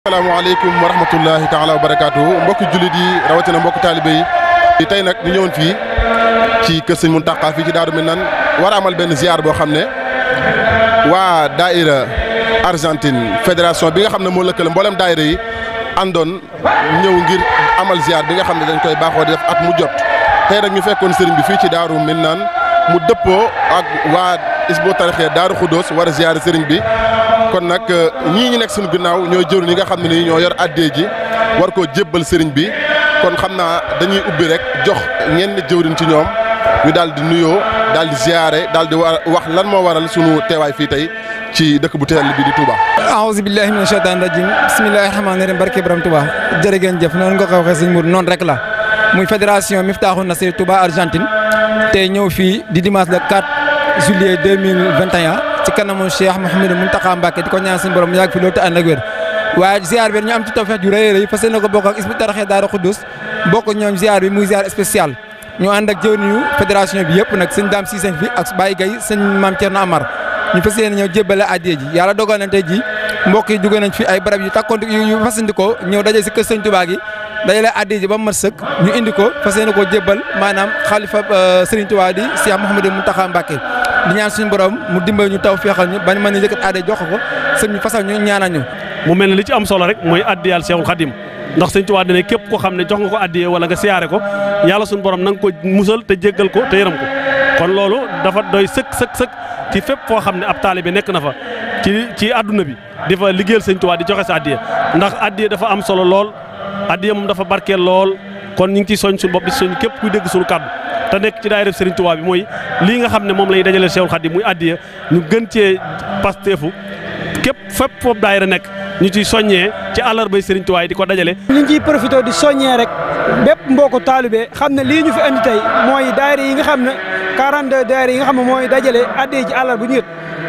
asalaamaaleykum wa rahmatullahi taala wa barakaatu mbokki jullit yi rawatina mbokki taalibe yi tey nag ñu ñëwoon fii ci kër mu Muntaxa fii ci Daaru Minaan war amal benn ziar boo xam ne waa daaira Argentine fédération bi nga xam ne moo lëkkale mboolem daaira yi àndoon ñëw ngir amal ziar bi nga xam ne dañ koy baaxoo di def at mu jot tey nag ñu fekkoon sëriñ bi fii ci Daaru Minaan mu dëppoo ak waa Hizbut Tarqiyyah Daaru Xuddoos war a ziar sëriñ bi kon nag euh, ñii ñu nekk suñu ginnaaw ñoo jëru ñi nga xam ne nii ñoo yor addee ji war koo jébbal sëriñ bi kon xam naa dañuy ubbi rek jox ñenn jëwriñ ci ñoom ñu daal di nuyoo daal di ziyaare daal di wax lan moo waral sunu teewaay fii tey ci dëkk bu teel bi di Touba. aouzu billahi mina shaytaani rajim bismillahi rahmaani rahim barke Ibrahima Touba jërë ngeen jëf noonu nga ko waxee sëñ Mour noon rek la muy fédération na Nasri Touba Argentine te ñëw fii di dimanche le 4 juillet 2021. ci kanamu Cheikh Mouhamadou Mountakha Mbacké di ko ñaan suñu borom yàgg fi loolu te ànd ak waaye ziar bi ñu am ci tawfeex ju rëy rëy fas ko bokk ak Hizbut Tarqiyyah Daaru Xuddus bokk ñoom ziar bi muy ziar spécial ñu ànd ak jëwriñu fédération bi yëpp nag sëñ Dame Cissé fi ak Baye Gaye sëñ Mame Thierno Amar ñu fas yéene ñëw jébbale addiya ji yàlla dogal na tey ji mbokk yi jóge nañ fi ay barab yu takkoon yu fasandikoo ñëw daje si kër sëñ ñu indi ko fas yéene koo jébbal maanaam xalifa euh, Serigne Touba di Cheikh Mouhamadou Mountakha Mbacké di ñaan suñu borom mu dimbali ñu taw feexal ñu bañ mën a yëkkat aade jox ko sëñ bi fasal ñu ñaanal mu mel ne li ci am solo rek mooy addiyal Seexul Xadim ndax sëñ Tuubaa dane képp ko xam ne jox nga ko addiyee wala nga siyaare ko yàlla suñu borom na nga ko musal te jéggal ko te yërëm ko kon loolu dafa doy sëkk sëkk sëkk ci fépp foo xam ne ab taalibe nekk na fa ci ci àdduna bi di fa liggéeyal sëñ di joxe sa addiyee ndax addiyee dafa am solo lool addiyee moom dafa barkeel lool kon ñu ngi ciy soñ suñu bopp di soñ képp kuy dégg suñu kàddu te nekk ci daayira Serigne Touba bi mooy lii nga xam ne moom la ñuy dajale Cheikhul Khadim muy addiya ñu gën cee pasteefu képp fépp foofu daayira nekk ñu ciy soññee ci àllarbay Serigne Touba di ko dajale. ñu ngi ciy profité di soññee rek bépp mbokku taalibe xam ne lii ñu fi andi tey mooy daayira yi nga xam ne 42 daayira yi nga xam ne mooy dajale addiya ci àllarba ñett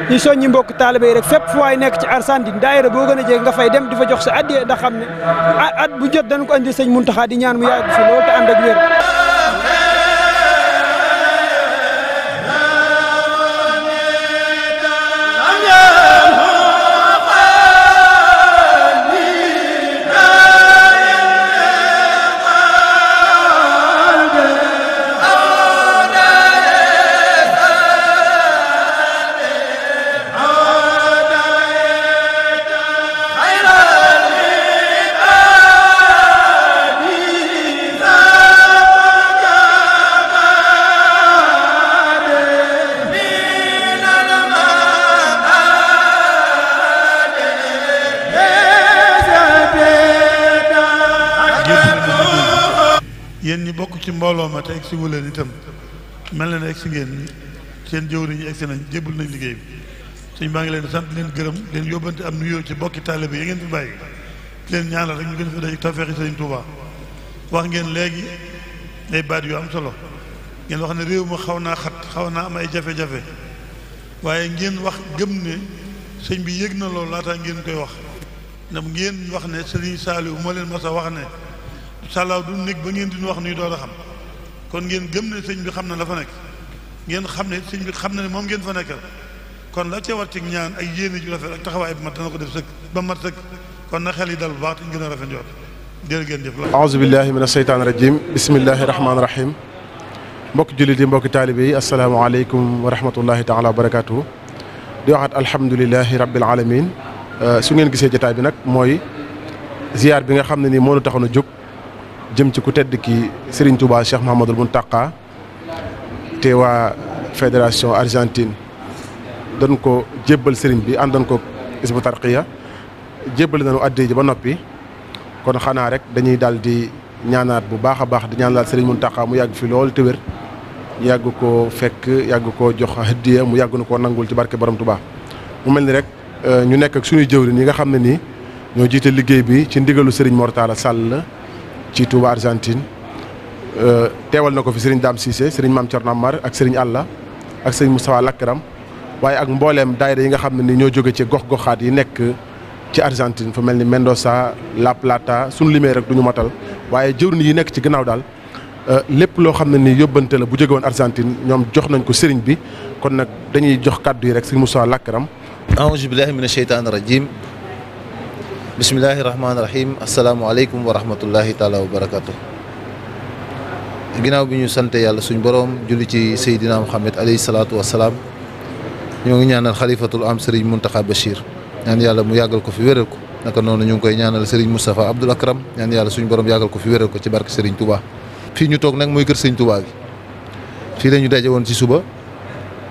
ñi soññi mbokk taalibe yi rek fépp fu waay nekk ci Argentine daayira boo gën a jege nga fay dem di fa jox sa addiya ndax xam ne at bu jot dañ ko andi sëñ Muntaxa di ñaan mu yàgg fi loolu te ànd ak wér yéen ñi bokk ci mbooloo ma te egsi wu leen itam mel na ne si ngeen seen jëwriñ ñi si nañ jébbal nañ liggéey bi suñ maa ngi leen sant leen gërëm leen yóbbante am nuyoo ci bokki taalibe yi ngeen fi bàyyi leen ñaanal rek ñu gën fi daje tawfeexi sëriñ Tuuba wax ngeen léegi day baat yu am solo ngeen wax ne réew ma xaw naa xat xaw naa am ay jafe-jafe waaye ngeen wax gëm ne sëñ bi yëg na loolu laataa ngeen koy wax ndax ngeen wax ne sëriñ Saaliw moo leen mas a wax inshallah du nekk ba ngeen di wax nuy door a xam kon ngeen gëm ne sëñ bi xam ne la fa nekk ngeen xam ne sëñ bi xam na ne moom ngeen fa nekk kon la ca war ñaan ay yéene ju rafet ak taxawaay bu mat dana ko def sëkk ba mat kon na xel yi dal bu baax te ñu gën a rafet njort jërë ngeen jëf la a billahi min asheytaan rajim bismillahi rahmaani rahim mbokki jullit yi mbokki taalibe yi asalaamaaleykum wa rahmatullahi taala wa barakatuhu di waxaat alhamdulilahi rabbil alamin su ngeen gisee jotaay bi nag mooy ziar bi nga xam ne nii moo nu taxoon a jóg jëm ci ku tedd ki Serigne Touba Cheikh Mouhamadul Mountakha te waa fédération Argentine doon ko jébbal sëriñ bi àndoon ko Hizbut Tarqiyyah jébbal nañu addi ji ba noppi kon xanaa rek dañuy daal di ñaanaat bu baax a baax di ñaanalaat mu Mountakha mu yàgg fi lool te wér yàgg koo fekk yàgg koo jox hadiya mu yàgg nu koo nangul ci barke Borom Touba mu mel ni rek euh, ñu nekk ak suñuy jëwriñ yi nga xam ne nii ñoo jiite liggéey bi ci ndigalu Serigne Mortala Sall. ci Touba Argentine euh, teewal na ko fi sëriñ Dame Cissé sëriñ Mame Thierno Amar ak sëriñ Alla ak sëriñ Moustapha Lakram waaye ak mbooleem daayira yi nga xam ne ni ñoo jóge ci gox-goxaat yi nekk ci Argentine fu mel ni Mendoza La Plata suñu limee rek du matal waaye jëwriñ yi nekk ci gannaaw daal euh, lépp loo xam ne ni yóbbante la bu jóge woon Argentine ñoom jox nañ ko sëriñ bi kon nag dañuy jox kàddu yi rek sëriñ Moustapha Lakram. aouzu billahi mina sheytaani rajim bismillahi rahmaani rahim asalaamaaleykum wa rahmatullahi taala wa barakatu ginnaaw bi ñu sante yàlla suñu boroom julli ci Seydina Muhammad alayhi salaatu wasalaam ñoo ngi ñaanal xalifatul am Serigne Mountakha Bachir ñaan yàlla mu yàggal ko fi wéral ko naka noonu ñu ngi koy ñaanal Serigne Moustapha Abdoul Akram ñaan yàlla suñu borom yàggal ko fi wéral ko ci barke Serigne Touba. fii ñu toog nag mooy kër Serigne Touba gi fii la daje woon ci suba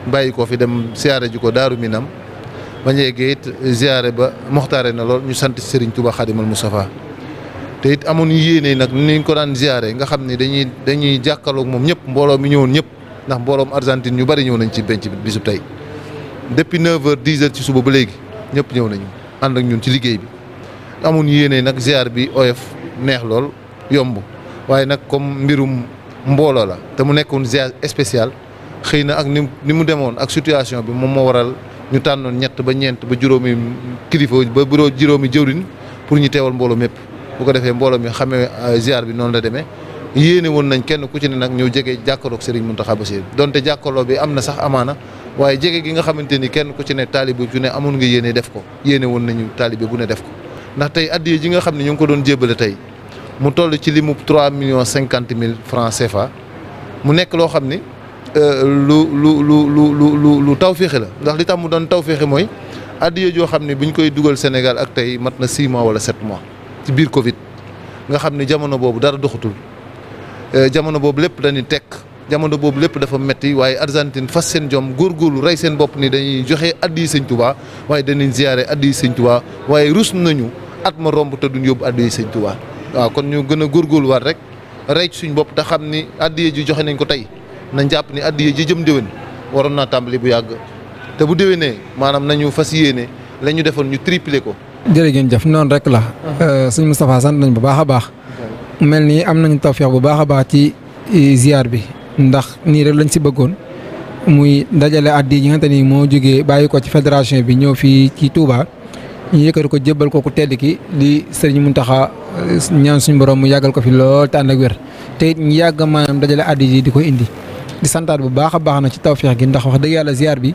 bàyyi ko fi dem siyaare ji ko Daaru Minam bañ a yeggee it ziare ba moxtaare na lool ñu sant Serigne Touba Xadimal Moustapha te it amoon yéenee nag ni ko daan ziare nga xam ne dañuy dañuy jàkkaarloog moom ñëpp mbooloo mi ñëwoon ñëpp ndax mbooloom Argentine ñu bari ñëw nañ ci benc bi bisub tey depuis 9h 10h ci suba ba léegi ñëpp ñëw nañu ànd ak ñun ci liggéey bi. amoon yéenee nag ziar bi oyof neex lool yomb waaye nag comme mbirum mbooloo la te mu nekkoon ziar spécial xëy na ak ni mu demoon ak situation bi moom moo waral. ñu tànnoon ñett ba ñeent ba juróomi kilifa ba buróo juróomi jëwriñ pour ñu teewal mbooloo mépp bu ko defee mbooloo mi xamee euh, ziar bi noonu la demee yéene woon nañ kenn ku ci ne nag ñëw jege jàkkaroog Serigne Mountakha Bassirou donte jàkkaroo bi am na sax amaana waaye jege gi nga xamante ni kenn ku ci ne taalibe ju ne amoon nga yéene def ko yéene woon nañu taalibe bu ne def ko ndax tey addiye ji nga xam ne ñu ngi ko doon jébale tey mu toll ci limu 3 millions cinquante mille francs CFA mu nekk loo xam ni lu lu lu lu lu lu taw féexe la ndax li tax mu doon taw féexe mooy addiya joo xam ne bu koy dugal Sénégal ak tey mat na 6 mois wala 7 mois ci biir Covid nga xam ne jamono boobu dara doxatul euh, jamono boobu lépp dañuy tekk jamono boobu lépp dafa metti waaye Argentine fas seen jom góorgóorlu rey seen bopp ni dañuy joxe addiya Sëñ waaye danañ ziyaare addiya Sëñ waaye rus nañu at ma romb te duñ yóbbu addiya Sëñ waaw kon ñu gën a góor góorgóorluwaat rek rey suñu bopp te xam ni addiya ji joxe nañ ko tey. nañ jàpp ni addiya ji jëm déwén waroon naa tàmbali bu yàgg te bu déwénee maanaam nañu fas yéene lañu defoon ñu triplé ko. jërëjëf noonu rek la. Uh-huh. Uh, sëñ Moustapha sant nañ bu baax a baax. mel ni am nañu tawféex bu baax a baax ci ziar bi. ndax nii rek lañ si bëggoon muy dajale addi yi nga xamante ni moo jógee bàyyi ko ci fédération bi ñëw fii ci Touba. ñu yëkkati ko jébbal ko ku tedd ki di sëriñ taxa uh, ñaan suñu borom mu yàggal ko fi lool te ànd ak wér te yàgg maanaam dajale addi yi di ko indi. di santaar bu baax a baax na ci tawféex gi ndax wax dëgg yàlla ziar bi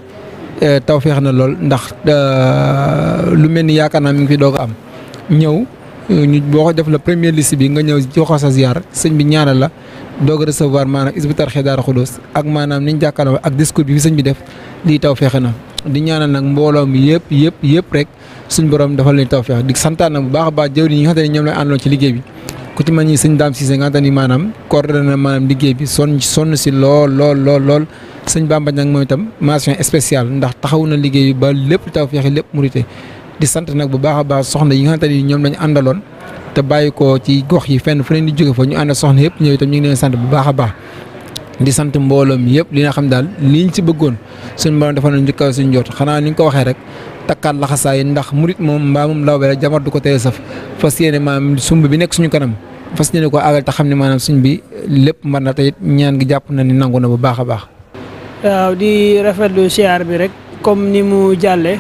eh, tawféex na lool ndax eh, lu mel ni yaakaar naa mi ngi fi doog a am ñëw. Eh, ñu boo ko def la première liste bi nga ñëw joxoo sa ziar sëñ bi ñaanal la doog a recevoir maanaam isbitar xedaar xudoos ak maanaam niñ jàkkaarloo ak discours bi fi sëñ bi def lii taw fexe na di ñaanal nag mbooloo mi yëpp yëpp yëpp rek suñ borom dafa leen taw fexe di santaan na bu baax a baax jëwriñ yi nga xam ne ñoom ci liggéey bi ku ci mel ni sëñ Dame Cissé nga xam ni maanaam coordonné maanaam liggéey bi sonn sonn si lool lool lool lool sëñ Bamba nag moom itam mention spéciale ndax taxaw na liggéey ba lépp taw feexe lépp murite di sant nag bu baax a baax soxna yi nga xam yi ñoom lañu àndaloon te bàyyi ko ci gox yi fenn fu ne di jóge fa ñu ànd soxna yëpp ñëw itam ñu ngi leen sant bu baax a baax di sant mbooloom yëpp li nga xam daal liñ si bëggoon suñu ma defal nañ ci kaw suñu jot xanaa ni nga ko waxee rek takkaat laxasaay ndax murit moom mbaa moom lawbe rek jamar du ko tey saf fas yéene maanaam sumb bi nekk suñu kanam fas yéene ko àggal xam ne maanaam suñ bi lépp mën na tey ñaan gi jàpp na ni nangu na bu baax a baax. waaw di rafetlu siyaar bi rek comme ni mu jàllee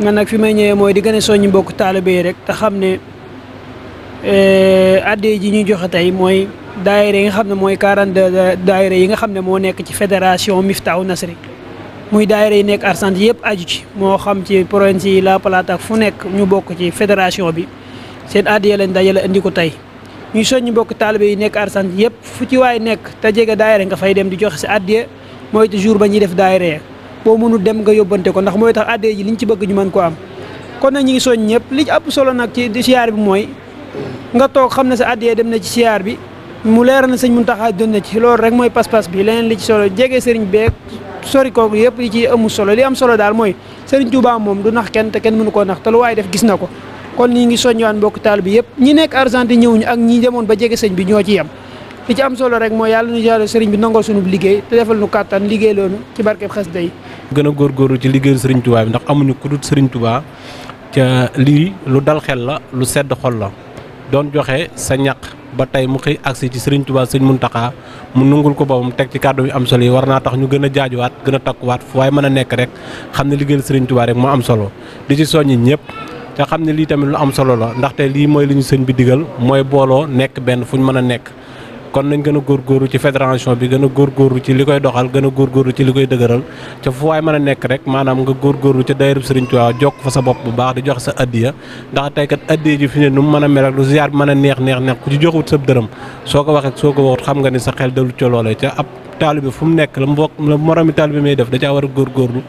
man nag fi may ñëwee mooy di gën a soññ mbokk taalibe yi rek te xam ne eh, addee ji ñu joxe tey mooy. daayira yi nga xam ne mooy 42 daayira yi nga xam ne moo nekk ci fédération Miftahou Nasri muy daayira yi nekk Argentine yëpp aju ci moo xam ci province yi La Plata ak fu nekk ñu bokk ci fédération bi seen addiya lañ dajale indi ko tey ñuy soññi bokk taalibe yi nekk Argentine yëpp fu ci waaye nekk te jege daayira nga fay dem di joxe si addiya mooy te jour ba ñuy def daayira boo mënul dem nga yóbbante ko ndax mooy tax addiya ji ñu ci bëgg ñu mën ko am kon nag ñu ngi soññ ñëpp li ci ëpp solo nag ci siyaar bi mooy nga toog xam ne sa addiya dem na ci siyaar bi mu leer na sëñ Muntaxa doon na ci loolu rek mooy pas-pas bi leneen li ci solo jege sëriñ beeg sori kooku yëpp yi ci amul solo li am solo daal mooy sëriñ Tuubaa moom du nax kenn te kenn mënu koo nax te lu waaye def gis na ko kon ñi ngi soññiwaan mbokk taal bi yëpp ñi nekk Argentine ñëwuñu ak ñi demoon ba jege sëñ bi ñoo ci yem li ci am solo rek mooy yàlla nu yàlla sëriñ bi nangoo sunub liggéey te defal nu kàttan liggéey loonu ci barkeb xasida yi gën a góorgóorlu ci liggéeyu sëriñ Tuubaa bi ndax amuñu ku dul sëriñ Tuubaa ca lii lu dal la lu sedd xol la doon joxe sa ñaq ba tey mu xëy agsi ci Serigne sëñ Serigne taxaa mu nungul ko boppam teg ci kàddu yu am solo yi war naa tax ñu gën a jaajuwaat gën a takkuwaat fu waaye mën a nekk rek xam ne liggéeyal Serigne Touba rek moo am solo di ci yi ñëpp te xam ne lii tamit lu am solo la ndaxte lii mooy li ñu sëñ bi digal mooy booloo nekk benn fu ñu mën a nekk kon nañ gën a góorgóorlu ci fédération bi gën a góorgóorlu ci li koy doxal gën a góorgóorlu ci li koy dëgëral ca fu mën a nekk rek maanaam nga góorgóorlu ca daayira Sëriñ Tuubaa jokk fa sa bopp bu baax di joxe sa addiya ndax tey kat addiya ji fi ne nu mu mën a mel ak lu ziar bi mën a neex neex neex ku ci joxut sa dërëm soo ko waxee soo ko waxut xam nga ni sa xel dalu ca loolee ca ab taalibe fu mu nekk la mbokk la moromi taalibe may def da caa war a góorgóorlu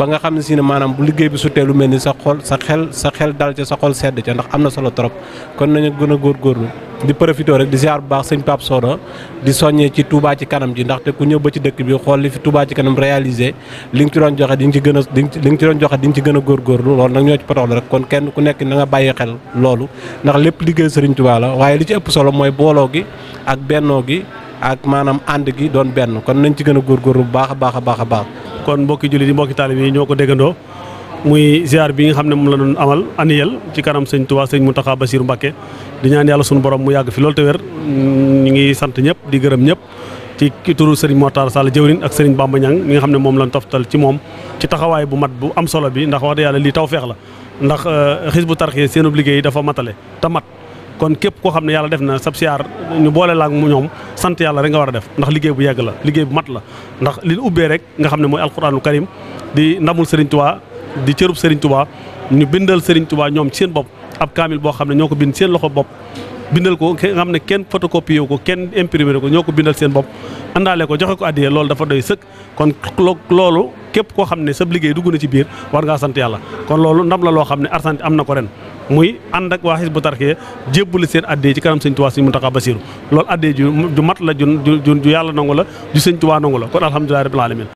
ba nga xam ne si ne maanaam bu liggéey bi sutee lu mel ni sa xol sa xel sa xel dal ca sa xol sedd ca ndax am na solo trop kon nañu gën a góorgóorlu di profité rek di ziar bu baax sëñ Pape Soda di soññee ci Touba ci kanam ji ndaxte ku ñëw ba ci dëkk bi xool li fi Touba ci kanam réalisé li nga ci doon joxe di nga ci gën a di li nga ci joxe di nga ci a góorgóorlu loolu nag ñoo ci potoxlu rek kon kenn ku nekk na nga bàyyi xel loolu ndax lépp liggéey sëriñ Touba la waaye li ci ëpp solo mooy booloo gi ak bennoo gi ak maanaam ànd gi doon benn kon nañ ci gën a góorgóorlu bu baax a baax a baax a baax. kon mbokki jullit yi mbokki taalib yi ñoo ko déggandoo muy ziar bi nga xam ne moom la doon amal annuel ci kanam sëñ Touba sëñ Mountakha Bassirou Mbacké di ñaan yàlla suñu borom mu yàgg fi loolu te wér ñu ngi sant ñëpp di gërëm ñëpp. ci turu Serigne Mokhtar Sall jëwriñ ak Serigne Bamba Niang mi nga xam ne moom lañ toftal ci moom ci taxawaay bu mat bu am solo bi ndax wax dëgg yàlla lii tawfeex la ndax euh, Hizbut Tarqiyyah seen liggéey dafa matale te mat kon képp koo xam ne yàlla def na sab siyaar ñu boole la ak mu ñoom sant yàlla rek nga war a def ndax liggéey bu yàgg la liggéey bu mat la ndax li ubbee rek nga xam ne mooy alquraanu karim di ndamul Serigne Touba di cërub Serigne Touba ñu bindal Serigne Touba ñoom ci seen bopp ab kaamil boo xam ne ñoo ko bind seen loxo bopp bindal ko nga xam ne kenn photocopié ko kenn imprimé ko ñoo ko bindal seen bopp àndaale ko joxe ko addiyee loolu dafa doy sëkk kon loolu képp koo xam ne sab liggéey dugg na ci biir war ngaa sant yàlla kon loolu ndam la loo xam ne Argentine am na ko ren muy ànd ak waa Hizbu Tarqiya jébbali seen addee ci kanam sëñ Tuubaa sëñ a Basiiru lool addee ju mat la ju ju yàlla nangu la ju sëñ Tuubaa la kon alhamdulilah rabbil alamin